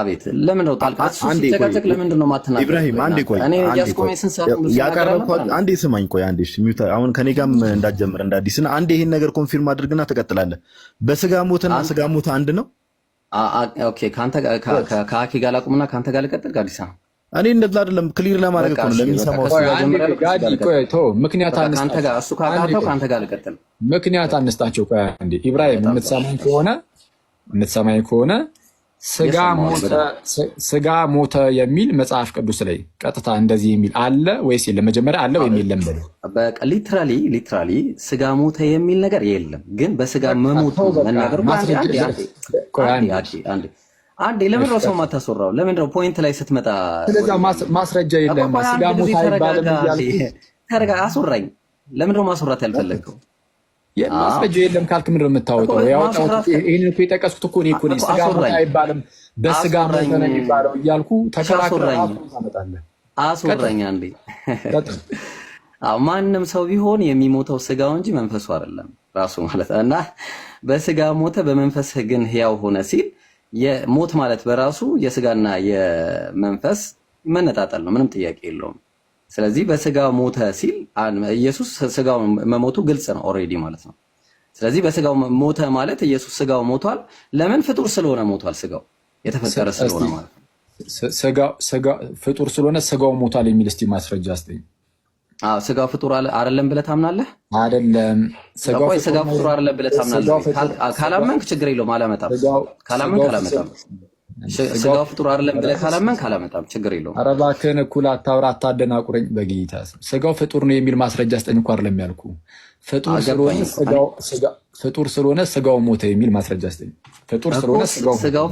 አቤት ለምን ነው ጣልቃችሁ ሲጨቃጨቅ ለምንድን ነው ማትናገር? ኢብራሂም አንዴ ቆይ፣ አንዴ ስማኝ፣ ቆይ አንዴ ሚዩት። አሁን ከኔ ጋርም እንዳትጀምር እንዳዲስ አዲስና አንዴ ይሄን ነገር ኮንፊርም አድርግና ትቀጥላለህ። በስጋ ሞትና ስጋ ሞት አንድ ነው። ኦኬ፣ ካንተ ከአኬ ጋር ላቁምና ከአንተ ጋር ልቀጥል። ጋዲሳ እኔ እንደዛ አይደለም፣ ክሊር ለማድረግ ነው ለሚሰማው ሰው ምክንያት አንስታቸው። ቆይ አንዴ ኢብራሂም የምትሰማኝ ከሆነ የምትሰማኝ ከሆነ ስጋ ሞተ የሚል መጽሐፍ ቅዱስ ላይ ቀጥታ እንደዚህ የሚል አለ ወይስ የለም? መጀመሪያ አለ ወይም የለም? ሊትራሊ ሊትራሊ ስጋ ሞተ የሚል ነገር የለም። ግን በስጋ መሞት መናገር አንዴ ለምንድነው ሰው ማታስወራው? ለምንድነው ፖይንት ላይ ስትመጣ ስለዚያ ማስረጃ የለም። ስጋ ሞተ አይባልም። አስወራኝ። ማስወራት ያልፈለግከው? ማስረጃ የለም ካልክ ምንድን ነው የምታወጣው? ይህን እኮ የጠቀስኩት እኮ እኔ እኮ ነኝ። ስጋ ሞት አይባልም በስጋ ሞት ነው የሚባለው እያልኩ ተከራክረህ አስወራኝ አንዴ። ማንም ሰው ቢሆን የሚሞተው ስጋው እንጂ መንፈሱ አይደለም ራሱ ማለት እና በስጋ ሞተ በመንፈስህ ግን ህያው ሆነ ሲል የሞት ማለት በራሱ የስጋና የመንፈስ መነጣጠል ነው። ምንም ጥያቄ የለውም። ስለዚህ በስጋ ሞተ ሲል ኢየሱስ ስጋው መሞቱ ግልጽ ነው ኦልሬዲ ማለት ነው። ስለዚህ በስጋው ሞተ ማለት ኢየሱስ ስጋው ሞቷል። ለምን? ፍጡር ስለሆነ ሞቷል። ስጋው የተፈጠረ ስለሆነ ማለት ነው። ፍጡር ስለሆነ ስጋው ሞቷል የሚል እስቲ ማስረጃ አስጠኝ። አዎ ስጋው ፍጡር አይደለም ብለህ ታምናለህ? አይደለም ስጋው ፍጡር አይደለም ብለህ ታምናለህ? ካላመንክ ችግር የለውም አላመጣም። ካላመንክ አላመጣም። ስጋ ፍጡር አይደለም ብለህ ካላመን ካላመጣም ችግር የለውም። ኧረ እባክህን እኩል አታውራ፣ አታደናቁረኝ። በጌታ ስጋው ፍጡር ነው የሚል ማስረጃ ስጠኝ እኮ አይደለም ያልኩህ። ፍጡር ስለሆነ ስጋው ሞተ የሚል ማስረጃ ስጠኝ። ፍጡር ስለሆነ ስጋው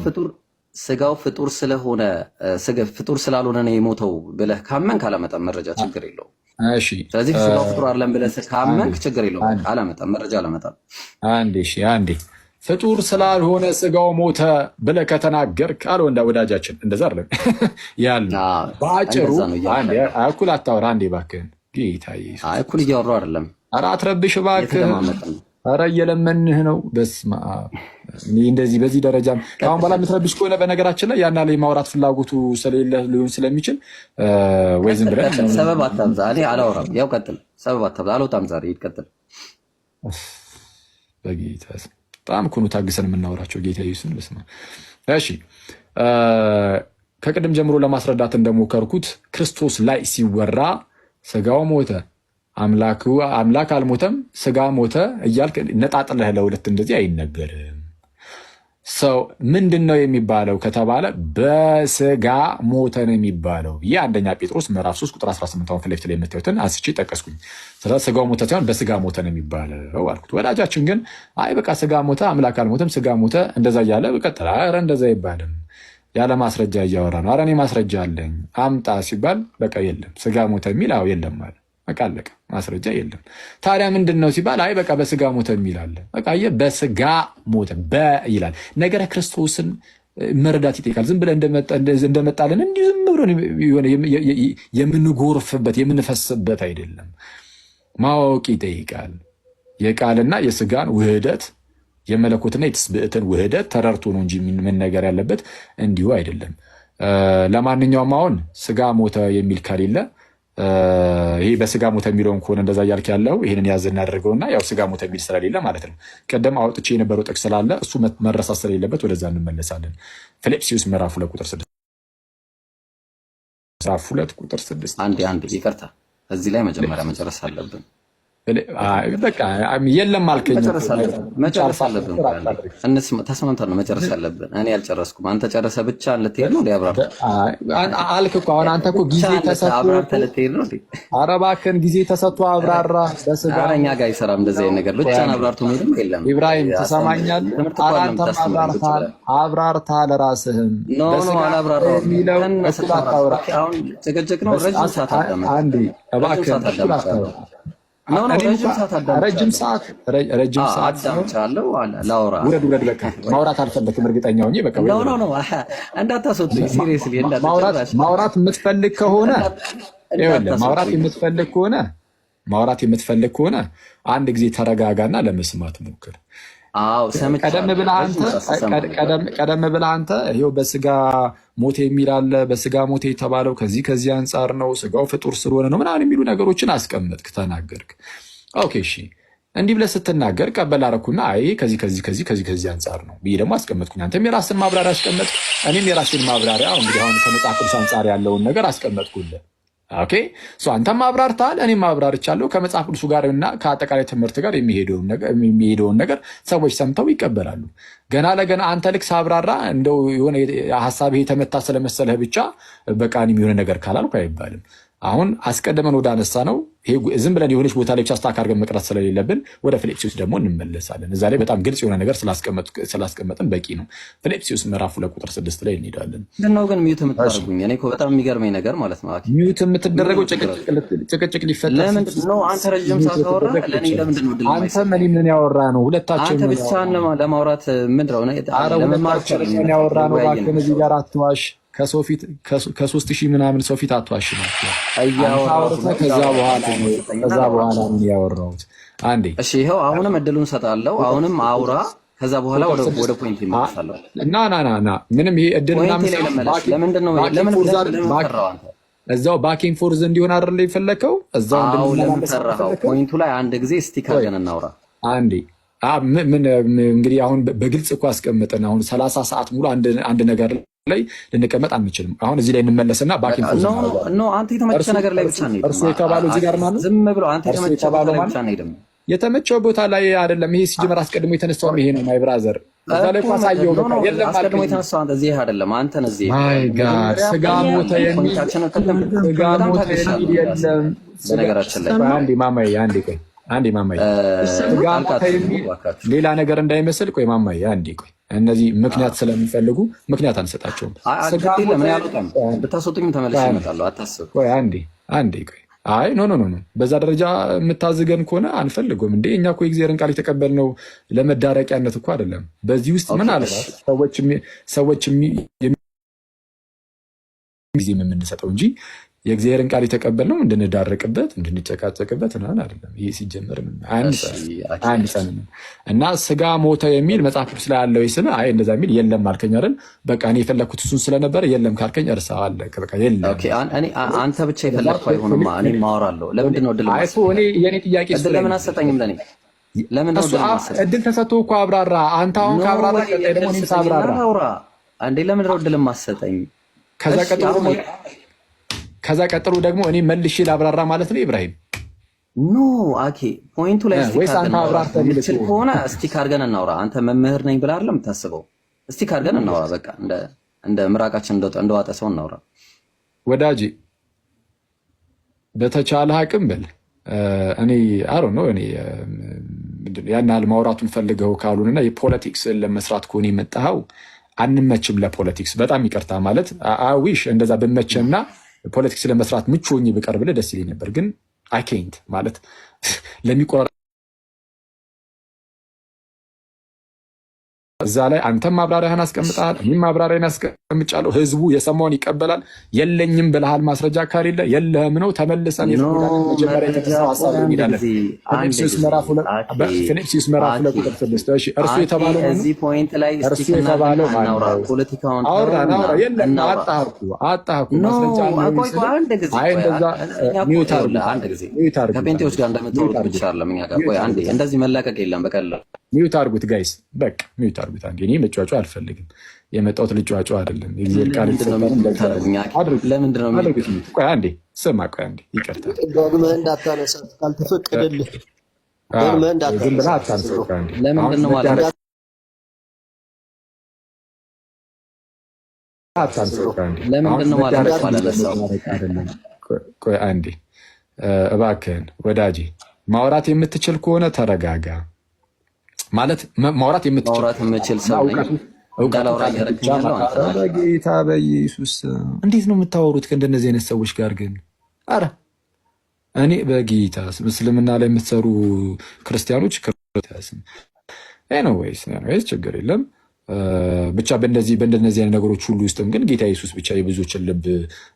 ፍጡር ስለሆነ ፍጡር ስላልሆነ ነው የሞተው ብለህ ካመን ካላመጣም መረጃ ችግር የለውም። እሺ ስለዚህ ስጋው ፍጡር አይደለም ብለህ ካመንክ ችግር የለውም፣ አላመጣም፣ መረጃ አላመጣም። አንዴ እሺ፣ አንዴ ፍጡር ስላልሆነ ስጋው ሞተ ብለህ ከተናገርክ አለ እንደ ወዳጃችን፣ እንደዛ አለ ያሉ በአጭሩ እኩል አታወራ እንዴ እባክህን። ጌታ እኩል እያወራሁ አይደለም። ኧረ አትረብሽ እባክህን። ኧረ እየለመንህ ነው። በስመ አብ እንደዚህ በዚህ ደረጃ ከአሁን በኋላ የምትረብሽ ከሆነ በነገራችን ላይ ያና ላይ ማውራት ፍላጎቱ ስለሌለ ሊሆን ስለሚችል ወይ ዝም ብለህ ሰበብ አታብዛ። እኔ አላወራም። ያው ቀጥል፣ ሰበብ አታምዛ አልወጣም ዛሬ ይቀጥል በጌታ በጣም እኮ ነው ታግሰን የምናወራቸው ጌታ ኢየሱስን። በስመ አብ። እሺ ከቅድም ጀምሮ ለማስረዳት እንደሞከርኩት ክርስቶስ ላይ ሲወራ ስጋው ሞተ አምላክ አልሞተም፣ ስጋ ሞተ እያልክ ነጣጥለህ ለሁለት እንደዚህ አይነገርም። ሰው ምንድን ነው የሚባለው ከተባለ በስጋ ሞተን የሚባለው። ይህ አንደኛ ጴጥሮስ ምዕራፍ 3 ቁጥር 18 ሁን ፊት ላይ የምታዩትን አንስቼ ጠቀስኩኝ። ስለ ስጋው ሞተ ሳይሆን በስጋ ሞተን የሚባለው አልኩት። ወዳጃችን ግን አይ በቃ ስጋ ሞተ፣ አምላክ አልሞተም፣ ስጋ ሞተ እንደዛ እያለ ቀጠለ። ኧረ እንደዛ ይባልም ያለ ማስረጃ እያወራ ነው። ኧረ እኔ ማስረጃ አለኝ አምጣ ሲባል በቃ የለም ስጋ ሞተ የሚል አዎ የለም አለ። በቃ አለቀ። ማስረጃ የለም። ታዲያ ምንድን ነው ሲባል አይ በቃ በስጋ ሞተ የሚላለ በቃ አየህ፣ በስጋ ሞተ ይላል። ነገረ ክርስቶስን መረዳት ይጠይቃል። ዝም ብለን እንደመጣለን እንዲሁ ዝም ብሎ የምንጎርፍበት የምንፈስበት አይደለም። ማወቅ ይጠይቃል። የቃልና የስጋን ውህደት የመለኮትና የትስብእትን ውህደት ተረርቶ ነው እንጂ መነገር ያለበት እንዲሁ አይደለም። ለማንኛውም አሁን ስጋ ሞተ የሚል ከሌለ ይህ በስጋ ሞተ የሚለውን ከሆነ እንደዛ እያልክ ያለው ይህንን ያዝ እናደርገውና ያው ስጋ ሞተ የሚል ስለሌለ ማለት ነው። ቀደም አውጥቼ የነበረው ጥቅስ ስላለ እሱ መረሳት ስለሌለበት ወደዛ እንመለሳለን። ፊልጵስዩስ ምዕራፍ ሁለት ቁጥር ስድስት ምዕራፍ ሁለት ቁጥር ስድስት አንድ አንዴ ይቅርታ፣ እዚህ ላይ መጀመሪያ መጨረስ አለብን። የለም አልከኝ። መጨረስ ተስማምተን ነው መጨረስ አለብን። እኔ አልጨረስኩም፣ አንተ ጨረሰ ብቻ ልትሄድ ነው አልክ እኮ። አሁን አንተ እኮ ጊዜ ተሰጥቶ ልትሄድ ነው። ኧረ እባክህን ጊዜ ተሰጥቶ አብራራ። ኧረ እኛ ጋር አይሰራም እንደዚህ ዓይነት ነገር። ብቻህን አብራርቶ መሄድም የለም። ኢብራሂም ትሰማኛለህ? አብራርተሃል ራስህም። ኖ ኖ አላብራራሁም ጭቅጭቅ ነው። ረጅም ሰዓት አዳመጥኩ። ረጅም ሰዓት አዳምቻለሁ። ላውራ ውረድ በቃ ማውራት አልፈለክም እርግጠኛ ሆኜ ማውራት የምትፈልግ ከሆነ ማውራት የምትፈልግ ከሆነ ማውራት የምትፈልግ ከሆነ አንድ ጊዜ ተረጋጋና ለመስማት ሞክር። ቀደም ብለህ አንተ ይኸው በስጋ ሞቴ የሚል አለ። በስጋ ሞቴ የተባለው ከዚህ ከዚህ አንጻር ነው፣ ስጋው ፍጡር ስለሆነ ነው ምናምን የሚሉ ነገሮችን አስቀመጥክ፣ ተናገርክ። ኦኬ እሺ፣ እንዲህ ብለህ ስትናገር ቀበል አደረኩና አይ ከዚህ ከዚህ ከዚህ ከዚህ ከዚህ አንጻር ነው ብዬ ደግሞ አስቀመጥኩኝ። አንተም የራስን ማብራሪያ አስቀመጥክ፣ እኔም የራሴን ማብራሪያ እንግዲህ አሁን ከመጽሐፍ ቅዱስ አንጻር ያለውን ነገር አስቀመጥኩልህ። ኦኬ ሶ አንተም አብራርተሃል፣ እኔም አብራርቻለሁ። ከመጽሐፍ ቅዱሱ ጋር እና ከአጠቃላይ ትምህርት ጋር የሚሄደውን ነገር ሰዎች ሰምተው ይቀበላሉ። ገና ለገና አንተ ልክ ሳብራራ እንደው የሆነ ሀሳብ የተመታ ስለመሰለህ ብቻ በቃ እኔም የሆነ ነገር ካላልኩ አይባልም። አሁን አስቀድመን ወደ አነሳ ነው ዝም ብለን የሆነች ቦታ ላይ ብቻ ስታክ መቅረት ስለሌለብን ወደ ፊልጵስዩስ ደግሞ እንመለሳለን። እዛ ላይ በጣም ግልጽ የሆነ ነገር ስላስቀመጥን በቂ ነው። ፊልጵስዩስ ምዕራፍ ሁለት ቁጥር ስድስት ላይ እንሄዳለን። ምንድነው ግን ሚዩት የምታደርጉኝ? እኔ በጣም የሚገርመኝ ነገር ማለት ነው ሚዩት የምትደረገው ጭቅጭቅ ሊፈጠር አንተ ረጅም ሰዓት ለእኔ ለምንድን ነው አንተ ምን ያወራ ነው? ሁለታችን አንተ ብቻ ለማውራት ምንድን ነው ያወራ ነው። እባክህን እዚህ ጋር አትዋሽ። ከሰው ፊት ከሶስት ሺህ ምናምን ሰው ፊት አትዋሽማቸው። ከዛ በኋላ ከዛ ምን ያወራሁት አንዴ። እሺ ይኸው አሁንም እድሉን ሰጣለው። አሁንም አውራ። ከዛ በኋላ ወደ ፖይንት ይመለሳለሁ። ና ና ና ና ምንም ይሄ እድል እዛው ባኪንግ ፎርዝ እንዲሆን አይደለ የፈለከው? እዛው ፖይንቱ ላይ አንድ ጊዜ ስቲክ አድርገን እናውራ አንዴ ምን እንግዲህ አሁን በግልጽ እኮ ያስቀምጠን። አሁን ሰላሳ ሰዓት ሙሉ አንድ ነገር ላይ ልንቀመጥ አንችልም። አሁን እዚህ ላይ እንመለስና ባኪን አንተ ነገር ላይ ብቻ እርሱ የተባለው እዚህ ጋር ማለት ዝም ብሎ አንተ ቦታ ላይ ብቻ አንሄድም። የተመቸው ቦታ ላይ አይደለም። ይሄ ሲጀመር አስቀድሞ የተነሳው ይሄ ነው። ማይ ብራዘር እዛ ላይ እኮ አስቀድሞ የተነሳው አንተ እዚህ አይደለም። ማይ ጋር ስጋ ሞተ የሚል ስጋ ሞተ የሚል የለም። ነገራችን ላይ አንዴ ማማዬ አንዴ ቆይ አንዴ ማማዬ ሌላ ነገር እንዳይመስል፣ ቆይ ማማዬ አንዴ ቆይ። እነዚህ ምክንያት ስለሚፈልጉ ምክንያት አንሰጣቸውም። ብታስወጡኝም ተመልሼ እመጣለሁ። አታስብ። ቆይ አንዴ አንዴ ቆይ። አይ ኖ ኖ ኖ፣ በዛ ደረጃ የምታዝገን ከሆነ አንፈልገም። እንዴ እኛ እኮ የእግዚአብሔርን ቃል የተቀበልነው ለመዳረቂያነት እኮ አይደለም። በዚህ ውስጥ ምን ምናልባት ሰዎች ጊዜ የምንሰጠው እንጂ የእግዚአብሔርን ቃል የተቀበልነው እንድንዳረቅበት እንድንጨቃጨቅበት ምናምን አይደለም። ይህ ሲጀመር አንሰን እና ስጋ ሞተ የሚል መጽሐፍ ቅዱስ ላይ ያለው ስለ አይ እንደዛ የሚል የለም አልከኝ አይደል? በቃ እኔ የፈለግኩት እሱን ስለነበረ የለም ካልከኝ እርሳ አለ። በቃ የለም አንተ ብቻ የፈለግኩ አይሆንማ። እኔ ማወራለሁ። ለምንድን ነው እኔ የኔ ጥያቄ ለምን አሰጠኝም ለኔ ለምን እድል ተሰጥቶ እኮ አብራራ። አንተ አሁን ካብራራ ደግሞ ሳብራራ አንዴ ለምን ነው እድል ማሰጠኝ ከዛ ቀጥሎ ከዛ ቀጥሎ ደግሞ እኔ መልሼ ላብራራ ማለት ነው ኢብራሂም ኖ አኬ ፖይንቱ ላይ ስቲክ ከሆነ ስቲክ አድርገን እናውራ። አንተ መምህር ነኝ ብለህ አይደለም የምታስበው? ስቲክ አድርገን እናውራ። በቃ እንደ ምራቃችን እንደዋጠ ሰው እናውራ። ወዳጅ በተቻለ አቅም በል እኔ አሮ ነው እኔ ያን ያህል ማውራቱን ፈልገው ካሉንና የፖለቲክስ ለመስራት ከሆነ የመጣኸው አንመችም ለፖለቲክስ። በጣም ይቅርታ ማለት አዊሽ እንደዛ ብመቸና ፖለቲክስ ለመስራት ምቹ ሆኜ ብቀርብልህ ደስ ይለኝ ነበር፣ ግን አይ ኬንት ማለት ለሚቆራ እዛ ላይ አንተም ማብራሪያህን አስቀምጠሃል፣ እኔም ማብራሪያን አስቀምጫለሁ። ህዝቡ የሰማውን ይቀበላል። የለኝም ብለሃል። ማስረጃ ካሌለ የለህም ነው። ተመልሰን መጀመሪያ የተነሳው ሀሳብ እንሄዳለን። ምዕራፍ ሁለት ቁጥር ስድስት እርሱ የተባለው አውራን አውራ የለም አጣርኩ አጣርኩ እንደዛ ከጴንጤዎች ጋር እንደዚህ መላቀቅ የለም በቀላል ሚዩት አርጉት ጋይስ፣ በቃ ሚዩት አርጉት። አንዴ እኔ መጫጫ አልፈልግም። የመጣሁት ልጫጫ አይደለም። የእግዚአብሔር ቃል አንዴ ስማ፣ ቆይ አንዴ፣ ይቅርታ ዶግመህ ካልተፈቀደልህ ዶግመህ ማለት ማለት አንዴ እባክህን ወዳጄ፣ ማውራት የምትችል ከሆነ ተረጋጋ። ማለት ማውራት የምትችል በጌታ በኢየሱስ እንዴት ነው የምታወሩት ከእንደነዚህ አይነት ሰዎች ጋር ግን? አረ እኔ በጌታ እስልምና ላይ የምትሰሩ ክርስቲያኖች ኤኒዌይስ ችግር የለም። ብቻ በእንደዚህ በእንደነዚህ አይነት ነገሮች ሁሉ ውስጥም ግን ጌታ ኢየሱስ ብቻ የብዙዎችን ልብ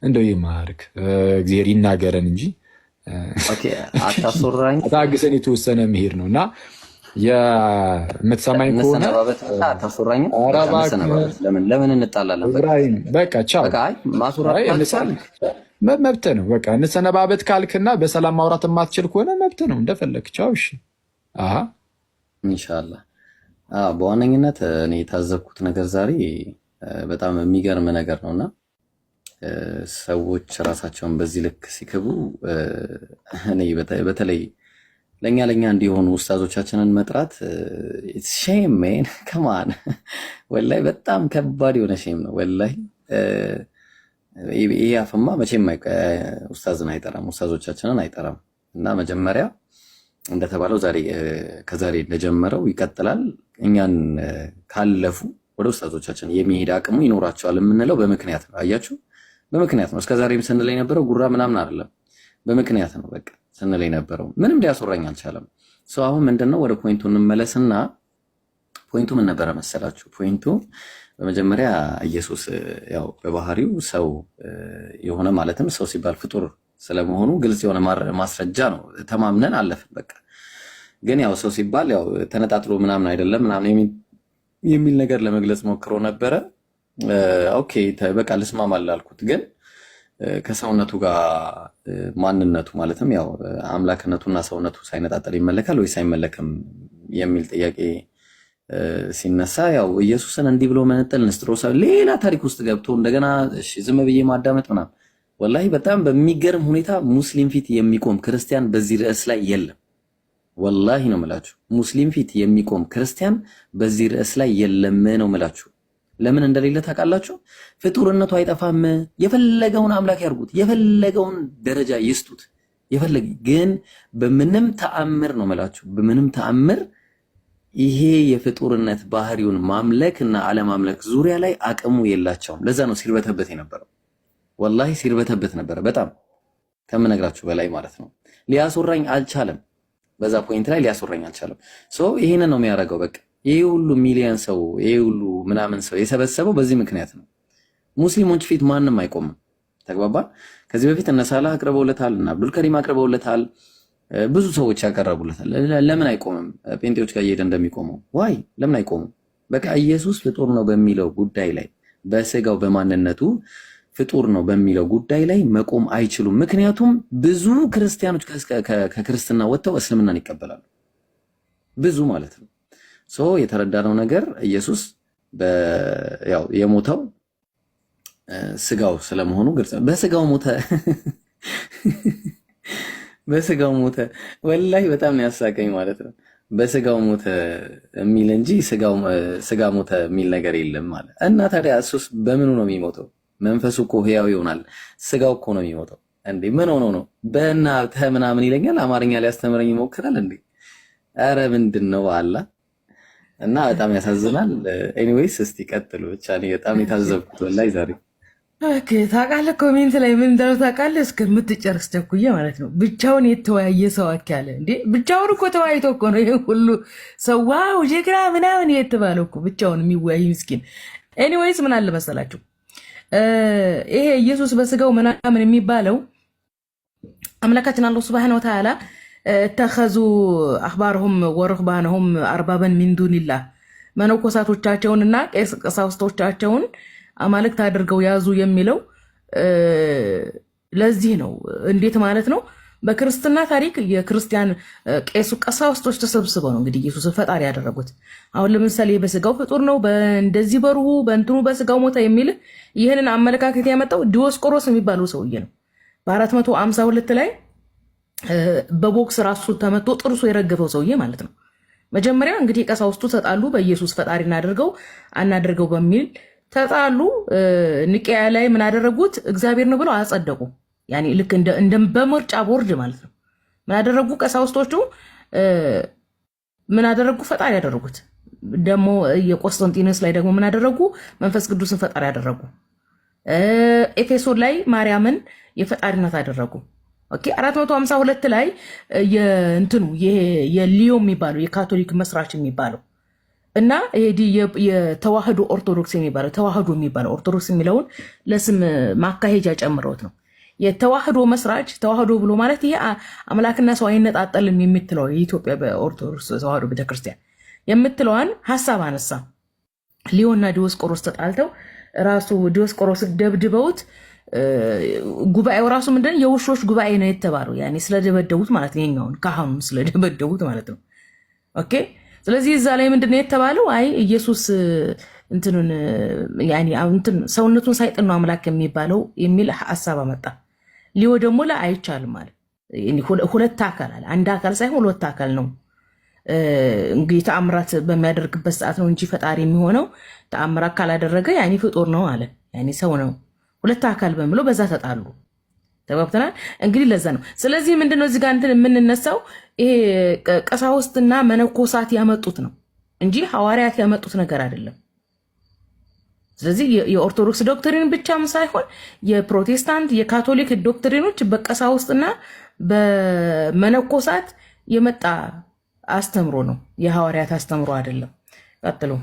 እንደው ይማርክ፣ እግዚአብሔር ይናገረን እንጂ አታስወራኝ። ታግሰን የተወሰነ መሄድ ነው እና የምትሰማኝ ከሆነ ለምን እንጣላለን? በቃ ቻው፣ ነው። በቃ እንሰነባበት ካልክና በሰላም ማውራት የማትችል ከሆነ መብት ነው፣ እንደፈለግ ቻው። እሺ፣ ኢንሻላህ። በዋነኝነት እኔ የታዘብኩት ነገር ዛሬ በጣም የሚገርም ነገር ነው እና ሰዎች ራሳቸውን በዚህ ልክ ሲክቡ እኔ በተለይ ለእኛ ለእኛ እንዲሆኑ ውስታዞቻችንን መጥራት ሼም ሜን ከማን ወላይ በጣም ከባድ የሆነ ሼም ነው። ወላይ uh, ይሄ አፍማ መቼም ውስታዝን uh, አይጠራም፣ ውስታዞቻችንን አይጠራም። እና መጀመሪያ እንደተባለው uh, ከዛሬ እንደጀመረው ይቀጥላል። እኛን ካለፉ ወደ ውስታዞቻችን የሚሄድ አቅሙ ይኖራቸዋል የምንለው በምክንያት ነው። አያችሁ፣ በምክንያት ነው። እስከዛሬም ስንል የነበረው ጉራ ምናምን አይደለም፣ በምክንያት ነው በቃ ስንል የነበረው ምንም ሊያስወራኝ አልቻለም። ሰው አሁን ምንድነው ወደ ፖይንቱ እንመለስና ፖይንቱ ምን ነበረ መሰላችሁ? ፖይንቱ በመጀመሪያ ኢየሱስ ያው በባህሪው ሰው የሆነ ማለትም ሰው ሲባል ፍጡር ስለመሆኑ ግልጽ የሆነ ማስረጃ ነው። ተማምነን አለፍን በቃ። ግን ያው ሰው ሲባል ያው ተነጣጥሎ ምናምን አይደለም ምናምን የሚል ነገር ለመግለጽ ሞክሮ ነበረ። ኦኬ በቃ ልስማማ ላልኩት ግን ከሰውነቱ ጋር ማንነቱ ማለትም ያው አምላክነቱና ሰውነቱ ሳይነጣጠል ይመለካል ወይስ አይመለክም የሚል ጥያቄ ሲነሳ ያው ኢየሱስን እንዲህ ብሎ መነጠል ንስጥሮሳ ሌላ ታሪክ ውስጥ ገብቶ እንደገና ዝም ብዬ ማዳመጥ ምናምን፣ ወላሂ በጣም በሚገርም ሁኔታ ሙስሊም ፊት የሚቆም ክርስቲያን በዚህ ርዕስ ላይ የለም። ወላሂ ነው ምላችሁ። ሙስሊም ፊት የሚቆም ክርስቲያን በዚህ ርዕስ ላይ የለም ነው ምላችሁ። ለምን እንደሌለ ታውቃላችሁ? ፍጡርነቱ አይጠፋም። የፈለገውን አምላክ ያርጉት፣ የፈለገውን ደረጃ ይስጡት፣ የፈለገ ግን በምንም ተአምር ነው መላችሁ፣ በምንም ተአምር ይሄ የፍጡርነት ባህሪውን ማምለክ እና አለማምለክ ዙሪያ ላይ አቅሙ የላቸውም። ለዛ ነው ሲርበተበት የነበረው። ወላሂ ሲርበተበት ነበረ፣ በጣም ከምነግራችሁ በላይ ማለት ነው። ሊያስወራኝ አልቻለም። በዛ ፖይንት ላይ ሊያስወራኝ አልቻለም። ሶ ይሄንን ነው የሚያደርገው በቃ ይሄ ሁሉ ሚሊየን ሰው ይሄ ሁሉ ምናምን ሰው የሰበሰበው በዚህ ምክንያት ነው። ሙስሊሞች ፊት ማንም አይቆምም። ተግባባ። ከዚህ በፊት እነ ሳላህ አቅርበውለታል፣ እነ አብዱልከሪም አቅርበውለታል፣ ብዙ ሰዎች ያቀረቡለታል። ለምን አይቆምም? ጴንጤዎች ጋር እየሄደ እንደሚቆመው ዋይ ለምን አይቆምም? በቃ ኢየሱስ ፍጡር ነው በሚለው ጉዳይ ላይ በስጋው በማንነቱ ፍጡር ነው በሚለው ጉዳይ ላይ መቆም አይችሉም። ምክንያቱም ብዙ ክርስቲያኖች ከክርስትና ወጥተው እስልምናን ይቀበላሉ። ብዙ ማለት ነው። ሶ የተረዳነው ነገር ኢየሱስ ያው የሞተው ስጋው ስለመሆኑ ግልጽ ነው። በስጋው ሞተ፣ በስጋው ሞተ። ወላሂ በጣም ያሳቀኝ ማለት ነው። በስጋው ሞተ የሚል እንጂ ስጋ ሞተ የሚል ነገር የለም ማለት እና ታዲያ እሱስ በምኑ ነው የሚሞተው? መንፈሱ እኮ ህያው ይሆናል። ስጋው እኮ ነው የሚሞተው። እንዴ ምን ሆኖ ነው? በእናትህ ምናምን ይለኛል። አማርኛ ሊያስተምረኝ ይሞክራል። እንዴ አረ ምንድን ነው አላ እና በጣም ያሳዝናል። ኤኒዌይስ እስቲ ቀጥሉ ብቻ። በጣም የታዘብኩት ወላሂ ዛሬ ታውቃለህ፣ ኮሜንት ላይ ምን እንዳሉ ታውቃለህ? እስከምትጨርስ ቸኩዬ ማለት ነው። ብቻውን የተወያየ ሰው አካለ እንዴ! ብቻውን እኮ ተወያይቶ እኮ ነው ይህ ሁሉ ሰው ዋው ጀግና ምናምን የተባለው እኮ ብቻውን የሚወያይ ምስኪን። ኤኒዌይስ ምን አለ መሰላችሁ ይሄ ኢየሱስ በስጋው ምናምን የሚባለው አምላካችን አላህ ሱብሃነሁ ወተዓላ ተኸዙ አህባርሁም ወርህባንሁም አርባበን ሚን ዱኒላህ ቄስ ቀሳውስቶቻቸውን አማልክት አድርገው ያዙ የሚለው ለዚህ ነው። እንዴት ማለት ነው? በክርስትና ታሪክ የክርስቲያን ቄሱ ቀሳውስቶች ተሰብስበው ነው እንግዲህ ኢየሱስን ፈጣሪ ያደረጉት። አሁን ለምሳሌ በስጋው ፍጡር ነው እንደዚህ በሩሁ በእንትኑ በስጋው ሞተ የሚል ይህንን አመለካከት ያመጣው ዲዮስቆሮስ የሚባለው ሰውዬ ነው በአራት መቶ ሃምሳ ሁለት ላይ በቦክስ ራሱ ተመቶ ጥርሱ የረገፈው ሰውዬ ማለት ነው። መጀመሪያ እንግዲህ ቀሳውስቱ ተጣሉ። በኢየሱስ ፈጣሪ እናደርገው አናደርገው በሚል ተጣሉ። ኒቅያ ላይ ምን አደረጉት? እግዚአብሔር ነው ብለው አጸደቁ። ያኔ ልክ እንደ በምርጫ ቦርድ ማለት ነው። ምን አደረጉ? ቀሳውስቶቹ ምን አደረጉ? ፈጣሪ ያደረጉት። ደግሞ የቆስጠንጢኖስ ላይ ደግሞ ምን አደረጉ? መንፈስ ቅዱስን ፈጣሪ ያደረጉ። ኤፌሶን ላይ ማርያምን የፈጣሪነት አደረጉ። ኦኬ 452 ላይ የእንትኑ ይሄ የሊዮ የሚባለው የካቶሊክ መስራች የሚባለው እና ይሄ የተዋህዶ ኦርቶዶክስ የሚባለው ተዋህዶ የሚባለው ኦርቶዶክስ የሚለውን ለስም ማካሄጃ ጨምረውት ነው። የተዋህዶ መስራች ተዋህዶ ብሎ ማለት ይሄ አምላክና ሰው አይነጣጠልም የምትለው የኢትዮጵያ ኦርቶዶክስ ተዋህዶ ቤተክርስቲያን የምትለዋን ሀሳብ አነሳ። ሊዮና ዲዮስቆሮስ ተጣልተው ራሱ ዲዮስቆሮስ ደብድበውት ጉባኤው ራሱ ምንድነው የውሾች ጉባኤ ነው የተባለው። ያኔ ስለደበደቡት ማለት ነው፣ የኛውን ካህኑን ስለደበደቡት ማለት ነው። ኦኬ። ስለዚህ እዛ ላይ ምንድነው የተባለው? አይ ኢየሱስ እንትኑን ሰውነቱን ሳይጥን ነው አምላክ የሚባለው የሚል ሀሳብ አመጣ። ሊሆ ደግሞ ላይ አይቻልም ማለት ሁለት አካል አለ። አንድ አካል ሳይሆን ሁለት አካል ነው። እንግዲህ ተአምራት በሚያደርግበት ሰዓት ነው እንጂ ፈጣሪ የሚሆነው ተአምራት ካላደረገ ያኔ ፍጡር ነው አለ፣ ያኔ ሰው ነው ሁለት አካል በምሎ በዛ ተጣሉ። ተባብተናል እንግዲህ ለዛ ነው። ስለዚህ ምንድነው እዚህ ጋር እንትን የምንነሳው ይሄ ቀሳውስትና መነኮሳት ያመጡት ነው እንጂ ሐዋርያት ያመጡት ነገር አይደለም። ስለዚህ የኦርቶዶክስ ዶክትሪን ብቻም ሳይሆን የፕሮቴስታንት የካቶሊክ ዶክትሪኖች በቀሳውስትና በመነኮሳት የመጣ አስተምሮ ነው፣ የሐዋርያት አስተምሮ አይደለም። ቀጥሎ